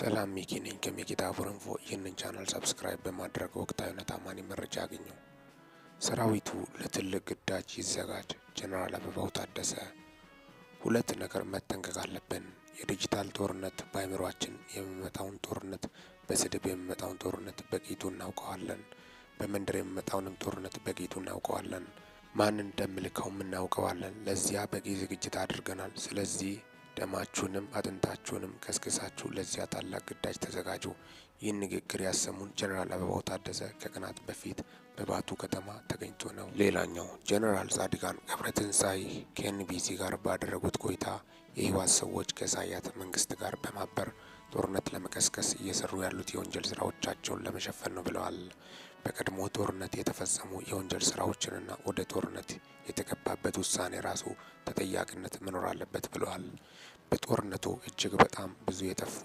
ሰላም ሚኪ ነኝ ከሚኪ ኢንፎ። ይህንን ቻናል ሰብስክራይብ በማድረግ ወቅታዊና ታማኝ መረጃ አግኙ። ሰራዊቱ ለትልቅ ግዳጅ ይዘጋጅ። ጀነራል አበባው ታደሰ። ሁለት ነገር መጠንቀቅ አለብን። የዲጂታል ጦርነት በአይምሯችን የሚመጣውን ጦርነት፣ በስድብ የሚመጣውን ጦርነት በቂቱ እናውቀዋለን። በመንደር የሚመጣውንም ጦርነት በቂቱ እናውቀዋለን። ማንን እንደምልከውም እናውቀዋለን። ለዚያ በቂ ዝግጅት አድርገናል። ስለዚህ ደማችሁንም አጥንታችሁንም ከስክሳችሁ ለዚያ ታላቅ ግዳጅ ተዘጋጁ። ይህን ንግግር ያሰሙን ጀኔራል አበባው ታደሰ ከቀናት በፊት በባቱ ከተማ ተገኝቶ ነው። ሌላኛው ጀኔራል ጻድቃን ገብረትንሳኤ ከኤንቢሲ ጋር ባደረጉት ቆይታ የህወሓት ሰዎች ከሳያት መንግስት ጋር በማበር ጦርነት ለመቀስቀስ እየሰሩ ያሉት የወንጀል ስራዎቻቸውን ለመሸፈን ነው ብለዋል። በቀድሞ ጦርነት የተፈጸሙ የወንጀል ስራዎችንና ወደ ጦርነት የተገባበት ውሳኔ ራሱ ተጠያቂነት መኖር አለበት ብለዋል። በጦርነቱ እጅግ በጣም ብዙ የጠፉ፣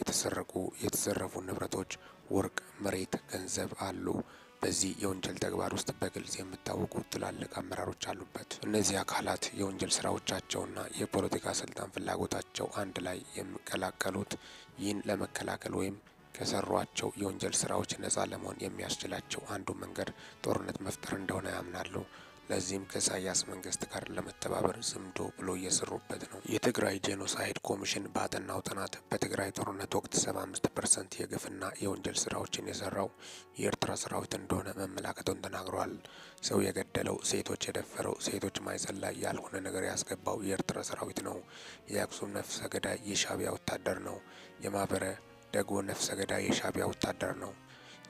የተሰረቁ፣ የተዘረፉ ንብረቶች፣ ወርቅ፣ መሬት፣ ገንዘብ አሉ። በዚህ የወንጀል ተግባር ውስጥ በግልጽ የሚታወቁ ትላልቅ አመራሮች አሉበት። እነዚህ አካላት የወንጀል ስራዎቻቸውና የፖለቲካ ስልጣን ፍላጎታቸው አንድ ላይ የሚቀላቀሉት ይህን ለመከላከል ወይም ከሰሯቸው የወንጀል ስራዎች ነጻ ለመሆን የሚያስችላቸው አንዱ መንገድ ጦርነት መፍጠር እንደሆነ ያምናሉ። ለዚህም ከኢሳያስ መንግስት ጋር ለመተባበር ዝምዶ ብሎ እየሰሩበት ነው። የትግራይ ጄኖሳይድ ኮሚሽን ባጠናው ጥናት በትግራይ ጦርነት ወቅት 75 ፐርሰንት የግፍና የወንጀል ስራዎችን የሰራው የኤርትራ ሰራዊት እንደሆነ መመላከቱን ተናግሯል። ሰው የገደለው፣ ሴቶች የደፈረው፣ ሴቶች ማይዘን ላይ ያልሆነ ነገር ያስገባው የኤርትራ ሰራዊት ነው። የአክሱም ነፍሰ ገዳይ የሻቢያ ወታደር ነው። የማህበረ ደግሞ ነፍሰ ገዳይ የሻቢያ ወታደር ነው።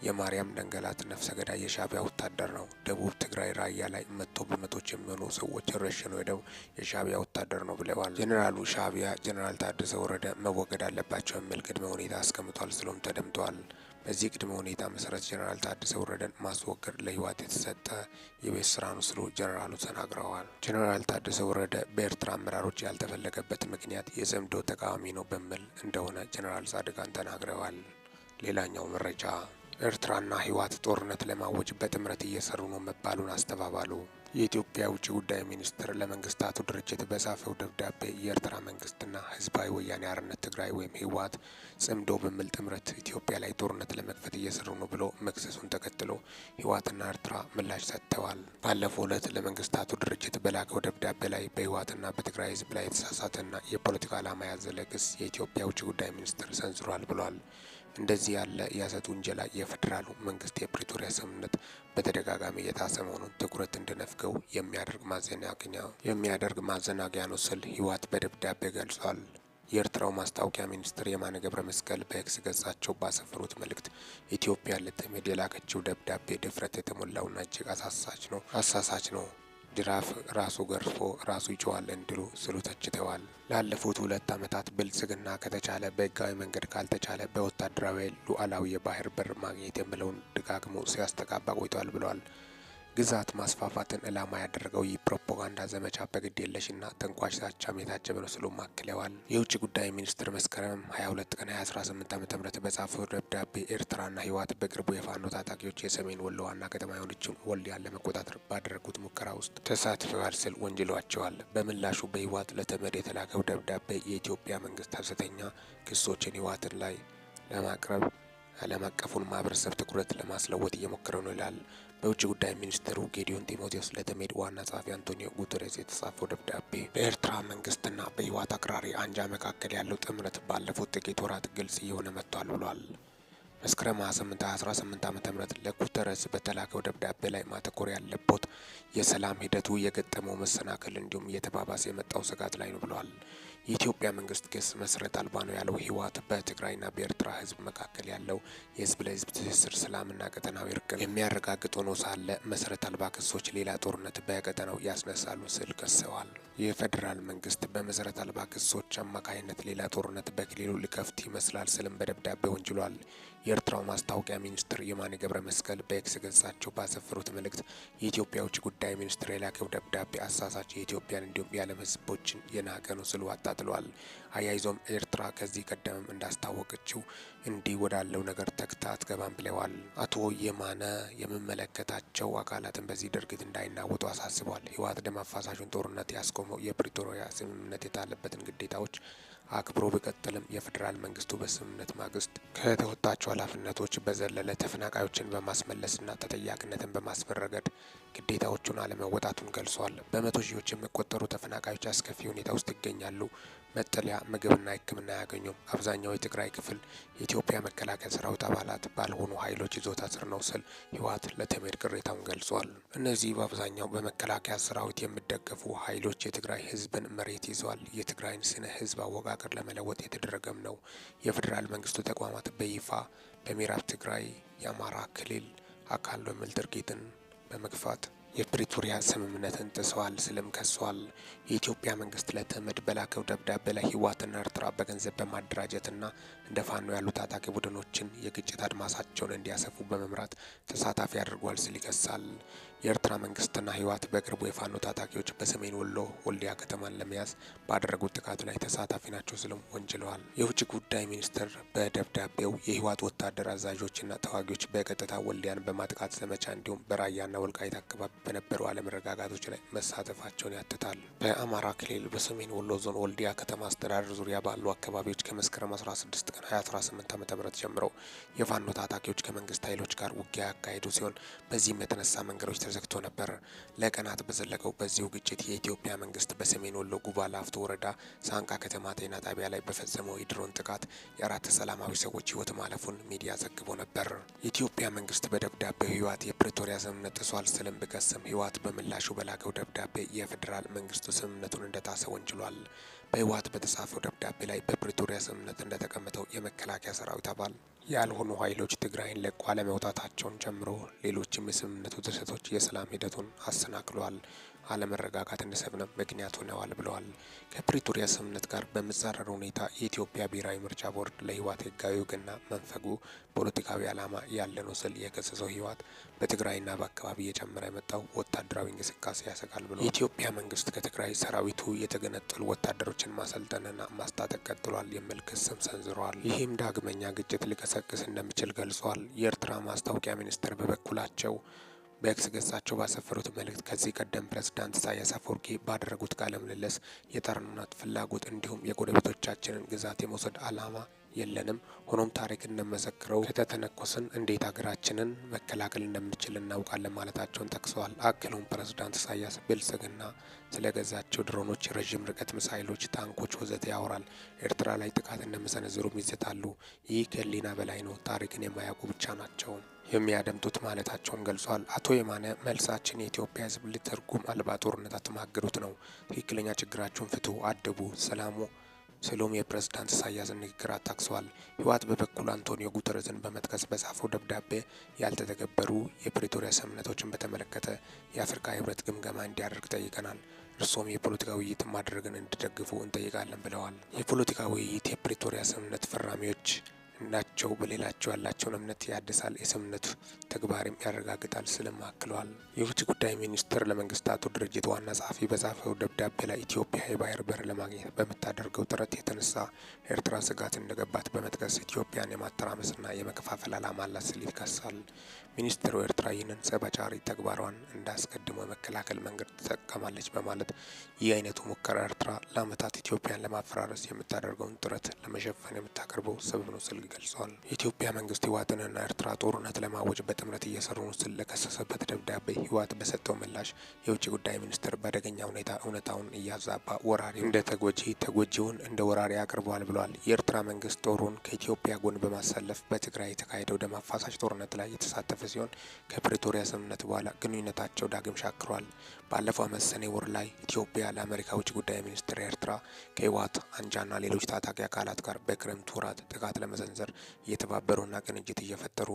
የማርያም ደንገላት ነፍሰ ገዳይ የሻቢያ ወታደር ነው። ደቡብ ትግራይ ራያ ላይ መቶ በመቶች የሚሆኑ ሰዎች ረሽኖ ሄደው የሻቢያ ወታደር ነው ብለዋል። ጄኔራሉ ሻቢያ ጄኔራል ታደሰ ወረደ መወገድ አለባቸው የሚል ቅድመ ሁኔታ አስቀምጧል ስለም ተደምጠዋል። በዚህ ቅድመ ሁኔታ መሰረት ጀነራል ታደሰ ወረደን ማስወገድ ለህወሓት የተሰጠ የቤት ስራ ነው ሲሉ ጀነራሉ ተናግረዋል። ጀነራል ታደሰ ወረደ በኤርትራ አመራሮች ያልተፈለገበት ምክንያት የዘምዶ ተቃዋሚ ነው በሚል እንደሆነ ጀነራል ጻድቃን ተናግረዋል። ሌላኛው መረጃ ኤርትራና ህወሓት ጦርነት ለማወጅ በጥምረት እየሰሩ ነው መባሉን አስተባባሉ። የኢትዮጵያ ውጭ ጉዳይ ሚኒስትር ለመንግስታቱ ድርጅት በጻፈው ደብዳቤ የኤርትራ መንግስትና ህዝባዊ ወያኔ አርነት ትግራይ ወይም ህወሓት ጽምዶ በሚል ጥምረት ኢትዮጵያ ላይ ጦርነት ለመክፈት እየሰሩ ነው ብሎ መክሰሱን ተከትሎ ህወሓትና ኤርትራ ምላሽ ሰጥተዋል። ባለፈው ዕለት ለመንግስታቱ ድርጅት በላከው ደብዳቤ ላይ በህወሓትና በትግራይ ህዝብ ላይ የተሳሳተና የፖለቲካ ዓላማ ያዘለ ክስ የኢትዮጵያ ውጭ ጉዳይ ሚኒስትር ሰንዝሯል ብሏል። እንደዚህ ያለ የሐሰት ውንጀላ የፌዴራሉ መንግስት የፕሪቶሪያ ስምምነት በተደጋጋሚ እየጣሰ መሆኑን ትኩረት እንዲነፍገው የሚያደርግ ማዘናገኛ የሚያደርግ ማዘናጊያ ነው ስል ህወሓት በደብዳቤ ገልጿል። የኤርትራው ማስታወቂያ ሚኒስትር የማነ ገብረ መስቀል በኤክስ ገጻቸው ባሰፈሩት መልእክት ኢትዮጵያ ለተመድ የላከችው ደብዳቤ ድፍረት የተሞላውና እጅግ አሳሳች ነው አሳሳች ነው ጅራፍ ራሱ ገርፎ ራሱ ይጮዋል እንዲሉ ስሉ ተችተዋል። ላለፉት ሁለት ዓመታት ብልጽግና ከተቻለ በህጋዊ መንገድ ካልተቻለ በወታደራዊ ሉዓላዊ የባህር በር ማግኘት የሚለውን ደጋግሞ ሲያስተጋባ ቆይተዋል ብለዋል። ግዛት ማስፋፋትን ዕላማ ያደረገው ይህ ፕሮፓጋንዳ ዘመቻ በግድየለሽና ተንኳሽ ዛቻም የታጀበ ነው ሲሉ አክለዋል። የውጭ ጉዳይ ሚኒስትር መስከረም 22 ቀን 2018 ዓ.ም በጻፈው ደብዳቤ ኤርትራና ህወሓት በቅርቡ የፋኖ ታጣቂዎች የሰሜን ወሎ ዋና ከተማ የሆነችውን ወልዲያን ለመቆጣጠር ባደረጉት ሙከራ ውስጥ ተሳትፈዋል ሲል ወንጅሏቸዋል። በምላሹ በህወሓት ለተመድ የተላከው ደብዳቤ የኢትዮጵያ መንግስት ሐሰተኛ ክሶችን ህወሓትን ላይ ለማቅረብ ዓለም አቀፉን ማህበረሰብ ትኩረት ለማስለወጥ እየሞከረ ነው ይላል በውጭ ጉዳይ ሚኒስትሩ ጌዲዮን ጢሞቴዎስ ለተሜድ ዋና ጸሐፊ አንቶኒዮ ጉተሬስ የተጻፈው ደብዳቤ። በኤርትራ መንግስትና በህወሓት አክራሪ አንጃ መካከል ያለው ጥምረት ባለፉት ጥቂት ወራት ግልጽ እየሆነ መጥቷል ብሏል። መስከረም 28 2018 ዓ.ም ለጉተረስ በተላከው ደብዳቤ ላይ ማተኮር ያለበት የሰላም ሂደቱ የገጠመው መሰናክል እንዲሁም እየተባባሰ የመጣው ስጋት ላይ ነው ብለዋል። የኢትዮጵያ መንግስት ክስ መሰረት አልባ ነው ያለው ህወሓት በትግራይና በኤርትራ ህዝብ መካከል ያለው የህዝብ ለህዝብ ትስስር ሰላምና ቀጠናዊ እርቅን የሚያረጋግጥ ሆኖ ሳለ መሰረት አልባ ክሶች ሌላ ጦርነት በቀጠናው ያስነሳሉ ስል ከሰዋል። የፌዴራል መንግስት በመሰረት አልባ ክሶች አማካይነት ሌላ ጦርነት በክልሉ ሊከፍት ይመስላል ስልም በደብዳቤ ወንጅሏል። የኤርትራው ማስታወቂያ ሚኒስትር የማነ ገብረ መስቀል በኤክስ ገጻቸው ባሰፈሩት መልእክት የኢትዮጵያ ውጭ ጉዳይ ሚኒስትር የላከው ደብዳቤ አሳሳች የኢትዮጵያን እንዲሁም የዓለም ሕዝቦችን የናቀ ነው ስሉ አጣጥለዋል። አያይዞም ኤርትራ ከዚህ ቀደምም እንዳስታወቀችው እንዲህ ወዳለው ነገር ተግታ አትገባም ብለዋል። አቶ የማነ የምመለከታቸው አካላትን በዚህ ድርጊት እንዳይናወጡ አሳስቧል። ህወሓት ደም አፋሳሹን ጦርነት ያስቆመው የፕሪቶሪያ ስምምነት የጣለበትን ግዴታዎች አክብሮ ቢቀጥልም የፌዴራል መንግስቱ በስምምነት ማግስት ከተወጣቸው ኃላፊነቶች በዘለለ ተፈናቃዮችን በማስመለስና ተጠያቂነትን በማስፈን ረገድ ግዴታዎቹን አለመወጣቱን ገልጿል። በመቶ ሺዎች የሚቆጠሩ ተፈናቃዮች አስከፊ ሁኔታ ውስጥ ይገኛሉ። መጠለያ፣ ምግብና ሕክምና አያገኙም። አብዛኛው የትግራይ ክፍል የኢትዮጵያ መከላከያ ሰራዊት አባላት ባልሆኑ ኃይሎች ይዞታ ስር ነው ስል ህወሓት ለተሜድ ቅሬታውን ገልጿል። እነዚህ በአብዛኛው በመከላከያ ሰራዊት የሚደገፉ ኃይሎች የትግራይ ህዝብን መሬት ይዘዋል። የትግራይን ስነ ህዝብ አወቃቀር ለመለወጥ የተደረገም ነው። የፌዴራል መንግስቱ ተቋማት በይፋ በምዕራብ ትግራይ የአማራ ክልል አካል በሚል ድርጊትን በመግፋት የፕሪቶሪያ ስምምነትን ጥሰዋል ስልም ከሷል። የኢትዮጵያ መንግስት ለተመድ በላከው ደብዳቤ ላይ ህወሓትና ኤርትራ በገንዘብ በማደራጀትና እንደ ፋኖ ያሉ ታጣቂ ቡድኖችን የግጭት አድማሳቸውን እንዲያሰፉ በመምራት ተሳታፊ አድርጓል ስል ይከሳል። የኤርትራ መንግስትና ህወሓት በቅርቡ የፋኖ ታጣቂዎች በሰሜን ወሎ ወልዲያ ከተማን ለመያዝ ባደረጉት ጥቃት ላይ ተሳታፊ ናቸው ሲሉም ወንጅለዋል። የውጭ ጉዳይ ሚኒስትር በደብዳቤው የህወሓት ወታደር አዛዦችና ተዋጊዎች በቀጥታ ወልዲያን በማጥቃት ዘመቻ እንዲሁም በራያና ወልቃይት አካባቢ በነበሩ አለመረጋጋቶች ላይ መሳተፋቸውን ያትታል። በአማራ ክልል በሰሜን ወሎ ዞን ወልዲያ ከተማ አስተዳደር ዙሪያ ባሉ አካባቢዎች ከመስከረም 16 ቀን 2018 ዓ ም ጀምሮ የፋኖ ታጣቂዎች ከመንግስት ኃይሎች ጋር ውጊያ ያካሄዱ ሲሆን በዚህም የተነሳ መንገዶች ተዘግቶ ነበር። ለቀናት በዘለቀው በዚሁ ግጭት የኢትዮጵያ መንግስት በሰሜን ወሎ ጉባ ላፍቶ ወረዳ ሳንቃ ከተማ ጤና ጣቢያ ላይ በፈጸመው የድሮን ጥቃት የአራት ሰላማዊ ሰዎች ህይወት ማለፉን ሚዲያ ዘግቦ ነበር። የኢትዮጵያ መንግስት በደብዳቤው ህወሓት የፕሪቶሪያ ስምምነት ጥሷል ስልም ቢከስም ህወሓት በምላሹ በላከው ደብዳቤ የፌዴራል መንግስቱ ስምምነቱን እንደጣሰ ወንጅሏል። በህወሓት በተጻፈው ደብዳቤ ላይ በፕሪቶሪያ ስምምነት እንደተቀመጠው የመከላከያ ሰራዊት አባል ያልሆኑ ኃይሎች ትግራይን ለቆ አለመውጣታቸውን ጨምሮ ሌሎችም የስምምነቱ ጥሰቶች የሰላም ሂደቱን አሰናክለዋል። አለመረጋጋት እንሰብነ ምክንያት ሆነዋል ብለዋል። ከፕሪቶሪያ ስምምነት ጋር በሚጻረር ሁኔታ የኢትዮጵያ ብሔራዊ ምርጫ ቦርድ ለህወሓት ህጋዊ ውግና መንፈጉ ፖለቲካዊ ዓላማ ያለ ነው ስል የከሰሰው ህወሓት በትግራይና በአካባቢ እየጨመረ የመጣው ወታደራዊ እንቅስቃሴ ያሰጋል ብለዋል። የኢትዮጵያ መንግስት ከትግራይ ሰራዊቱ የተገነጠሉ ወታደሮችን ማሰልጠንና ማስታጠቅ ቀጥሏል የሚል ክስም ሰንዝረዋል። ይህም ዳግመኛ ግጭት ሊቀሰቅስ እንደሚችል ገልጿል። የኤርትራ ማስታወቂያ ሚኒስትር በበኩላቸው በኤክስ ገጻቸው ባሰፈሩት መልእክት ከዚህ ቀደም ፕሬዝዳንት ኢሳያስ አፈወርቂ ባደረጉት ቃለ ምልልስ የጦርነት ፍላጎት እንዲሁም የጎረቤቶቻችንን ግዛት የመውሰድ አላማ የለንም። ሆኖም ታሪክ እንደመሰክረው ከተተነኮስን እንዴት ሀገራችንን መከላከል እንደምንችል እናውቃለን ማለታቸውን ጠቅሰዋል። አክለውም ፕሬዝዳንት ኢሳያስ ብልጽግና ስለገዛቸው ድሮኖች፣ የረዥም ርቀት ሚሳይሎች፣ ታንኮች ወዘተ ያወራል። ኤርትራ ላይ ጥቃት እንደሚሰነዝሩም ይዘታሉ። ይህ ከህሊና በላይ ነው። ታሪክን የማያውቁ ብቻ ናቸው። የሚያደምጡት ማለታቸውን ገልጿል። አቶ የማነ መልሳችን የኢትዮጵያ ሕዝብ ለትርጉም አልባ ጦርነት አትማገዱት ነው። ትክክለኛ ችግራችሁን ፍትሁ፣ አድቡ፣ ሰላሙ ስሎም የፕሬዝዳንት ኢሳያስን ንግግር አታክሰዋል። ህወሓት በበኩሉ አንቶኒዮ ጉተረዝን በመጥቀስ በጻፈው ደብዳቤ ያልተተገበሩ የፕሪቶሪያ ስምምነቶችን በተመለከተ የአፍሪካ ህብረት ግምገማ እንዲያደርግ ጠይቀናል። እርሶም የፖለቲካ ውይይት ማድረግን እንዲደግፉ እንጠይቃለን ብለዋል። የፖለቲካ ውይይት የፕሪቶሪያ ስምምነት ፈራሚዎች ናቸው በሌላቸው ያላቸውን እምነት ያድሳል፣ የስምምነቱ ተግባርም ያረጋግጣል ስልም አክለዋል። የውጭ ጉዳይ ሚኒስትር ለመንግስታቱ ድርጅት ዋና ጸሐፊ በጻፈው ደብዳቤ ላይ ኢትዮጵያ የባህር በር ለማግኘት በምታደርገው ጥረት የተነሳ ኤርትራ ስጋት እንደገባት በመጥቀስ ኢትዮጵያን የማተራመስና የመከፋፈል ዓላማ አላት ስል ይከሳል። ሚኒስትሩ ኤርትራ ይህንን ጸባጫሪ ተግባሯን እንዳስቀድሞ የመከላከል መንገድ ትጠቀማለች በማለት ይህ አይነቱ ሙከራ ኤርትራ ለአመታት ኢትዮጵያን ለማፈራረስ የምታደርገውን ጥረት ለመሸፈን የምታቀርበው ሰበብ ነው ስል ገልጿል። የኢትዮጵያ መንግስት ህወሓትንና ኤርትራ ጦርነት ለማወጅ በጥምረት እየሰሩ ነው ስል ለከሰሰበት ደብዳቤ ህወሓት በሰጠው ምላሽ የውጭ ጉዳይ ሚኒስትር በአደገኛ ሁኔታ እውነታውን እያዛባ ወራሪ እንደ ተጎጂ ተጎጂውን እንደ ወራሪ አቅርቧል ብሏል። የኤርትራ መንግስት ጦሩን ከኢትዮጵያ ጎን በማሰለፍ በትግራይ የተካሄደው ደም አፋሳሽ ጦርነት ላይ የተሳተፈ ሲሆን ከፕሪቶሪያ ስምምነት በኋላ ግንኙነታቸው ዳግም ሻክሯል። ባለፈው ዓመት ሰኔ ወር ላይ ኢትዮጵያ ለአሜሪካ ውጭ ጉዳይ ሚኒስትር ኤርትራ ከህወሓት አንጃና ሌሎች ታጣቂ አካላት ጋር በክረምት ወራት ጥቃት ለመሰንዘር በማመዛዘር እየተባበሩና ቅንጅት እየፈጠሩ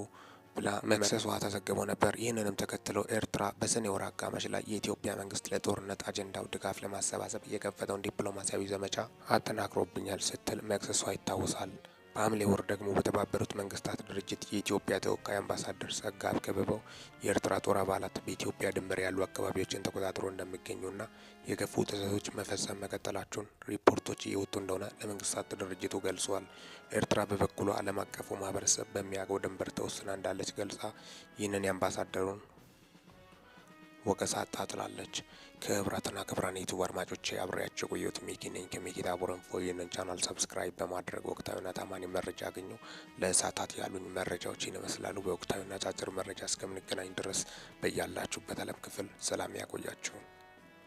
ብላ መክሰሷ ተዘግቦ ነበር። ይህንንም ተከትሎ ኤርትራ በሰኔ ወር አጋማሽ ላይ የኢትዮጵያ መንግስት ለጦርነት አጀንዳው ድጋፍ ለማሰባሰብ የከፈተውን ዲፕሎማሲያዊ ዘመቻ አጠናክሮብኛል ስትል መክሰሷ ይታወሳል። በሐምሌ ወር ደግሞ በተባበሩት መንግስታት ድርጅት የኢትዮጵያ ተወካይ አምባሳደር ጸጋ ከበበው የኤርትራ ጦር አባላት በኢትዮጵያ ድንበር ያሉ አካባቢዎችን ተቆጣጥሮ እንደሚገኙና የገፉ ጥሰቶች መፈጸም መቀጠላቸውን ሪፖርቶች እየወጡ እንደሆነ ለመንግስታት ድርጅቱ ገልጿል። ኤርትራ በበኩሉ ዓለም አቀፉ ማህበረሰብ በሚያውቀው ድንበር ተወስና እንዳለች ገልጻ ይህንን የአምባሳደሩን ወቀሳ አጣጥላለች። ክብራትና ክብራን ዩቱብ አድማጮች አብሬያቸው ቆየሁት። ሚኪ ነኝ ከሚኪታ ቦረንፎ። ይህንን ቻናል ሰብስክራይብ በማድረግ ወቅታዊና ታማኝ መረጃ አገኙ። ለእሳታት ያሉኝ መረጃዎች ይመስላሉ። በወቅታዊና አጫጭር መረጃ እስከምንገናኝ ድረስ በያላችሁበት ዓለም ክፍል ሰላም ያቆያችሁን።